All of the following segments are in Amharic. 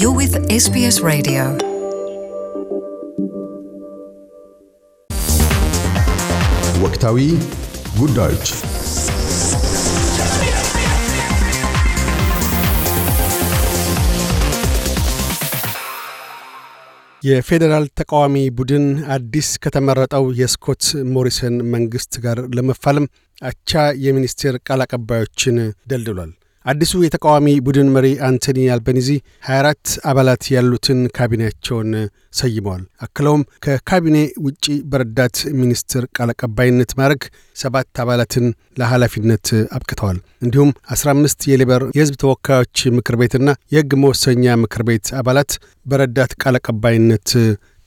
You're with SBS Radio. ወቅታዊ ጉዳዮች የፌዴራል ተቃዋሚ ቡድን አዲስ ከተመረጠው የስኮት ሞሪሰን መንግሥት ጋር ለመፋለም አቻ የሚኒስቴር ቃል አቀባዮችን ደልድሏል። አዲሱ የተቃዋሚ ቡድን መሪ አንቶኒ አልበኒዚ 24 አባላት ያሉትን ካቢኔያቸውን ሰይመዋል። አክለውም ከካቢኔ ውጪ በረዳት ሚኒስትር ቃል አቀባይነት ማድረግ ሰባት አባላትን ለኃላፊነት አብቅተዋል። እንዲሁም 15 የሊበር የሕዝብ ተወካዮች ምክር ቤትና የሕግ መወሰኛ ምክር ቤት አባላት በረዳት ቃል አቀባይነት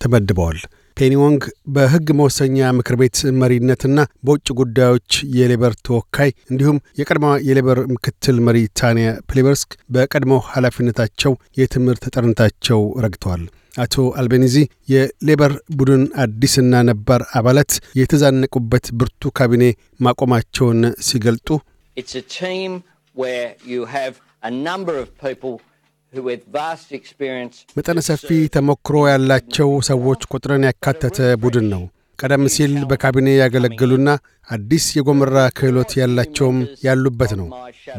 ተመድበዋል። ፔኒዎንግ በሕግ መወሰኛ ምክር ቤት መሪነትና በውጭ ጉዳዮች የሌበር ተወካይ እንዲሁም የቀድሞ የሌበር ምክትል መሪ ታንያ ፕሌበርስክ በቀድሞ ኃላፊነታቸው የትምህርት ጠርነታቸው ረግተዋል። አቶ አልቤኒዚ የሌበር ቡድን አዲስና ነባር አባላት የተዛነቁበት ብርቱ ካቢኔ ማቆማቸውን ሲገልጡ መጠነ ሰፊ ተሞክሮ ያላቸው ሰዎች ቁጥርን ያካተተ ቡድን ነው። ቀደም ሲል በካቢኔ ያገለገሉና አዲስ የጎመራ ክህሎት ያላቸውም ያሉበት ነው።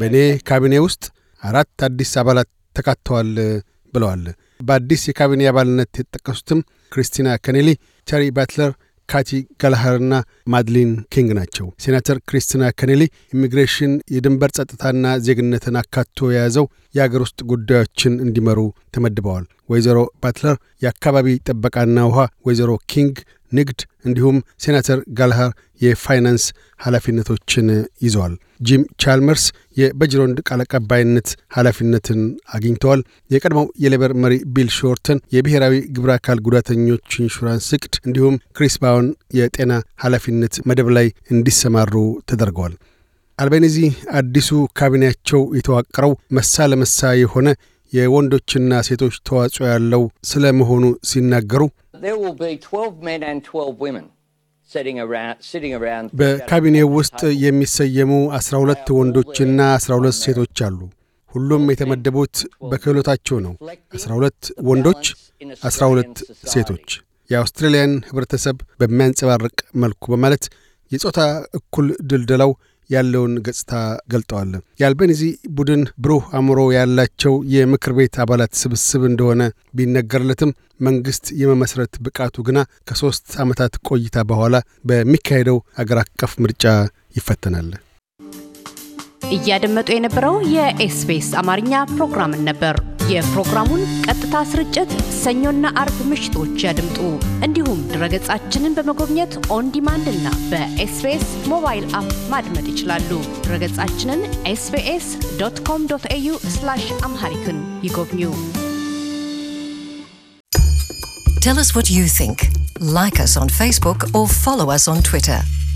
በእኔ ካቢኔ ውስጥ አራት አዲስ አባላት ተካተዋል ብለዋል። በአዲስ የካቢኔ አባልነት የተጠቀሱትም ክሪስቲና ከኔሊ፣ ቸሪ ባትለር ካቲ ጋላሃርና ማድሊን ኪንግ ናቸው። ሴናተር ክሪስቲና ከኔሊ ኢሚግሬሽን፣ የድንበር ጸጥታና ዜግነትን አካቶ የያዘው የአገር ውስጥ ጉዳዮችን እንዲመሩ ተመድበዋል። ወይዘሮ ባትለር የአካባቢ ጥበቃና ውሃ፣ ወይዘሮ ኪንግ ንግድ፣ እንዲሁም ሴናተር ጋልሃር የፋይናንስ ኃላፊነቶችን ይዘዋል። ጂም ቻልመርስ የበጅሮንድ ቃል አቀባይነት ኃላፊነትን አግኝተዋል። የቀድሞው የሌበር መሪ ቢል ሾርተን የብሔራዊ ግብረ አካል ጉዳተኞች ኢንሹራንስ እቅድ እንዲሁም ክሪስ ባውን የጤና ኃላፊነት መደብ ላይ እንዲሰማሩ ተደርገዋል። አልቤኒዚ አዲሱ ካቢኔያቸው የተዋቀረው መሳ ለመሳ የሆነ የወንዶችና ሴቶች ተዋጽኦ ያለው ስለ መሆኑ ሲናገሩ በካቢኔው ውስጥ የሚሰየሙ 12 ወንዶችና 12 ሴቶች አሉ። ሁሉም የተመደቡት በክህሎታቸው ነው። 12 ወንዶች፣ 12 ሴቶች የአውስትራሊያን ህብረተሰብ በሚያንጸባርቅ መልኩ በማለት የጾታ እኩል ድልደላው ያለውን ገጽታ ገልጠዋል። የአልቤኒዚ ቡድን ብሩህ አእምሮ ያላቸው የምክር ቤት አባላት ስብስብ እንደሆነ ቢነገርለትም መንግስት የመመስረት ብቃቱ ግና ከሶስት ዓመታት ቆይታ በኋላ በሚካሄደው አገር አቀፍ ምርጫ ይፈተናል። እያደመጡ የነበረው የኤስቢኤስ አማርኛ ፕሮግራምን ነበር። የፕሮግራሙን ቀጥታ ስርጭት ሰኞና አርብ ምሽቶች ያድምጡ። እንዲሁም ድረገጻችንን በመጎብኘት ኦን ዲማንድ እና በኤስቢኤስ ሞባይል አፕ ማድመጥ ይችላሉ። ድረገጻችንን ኤስቢኤስ ዶት ኮም ዶት ኤዩ አምሃሪክን ይጎብኙ። ቴል አስ ዋት ዩ ቲንክ ላይክ አስ ኦን ፌስቡክ ኦር ፎሎው አስ ኦን ትዊተር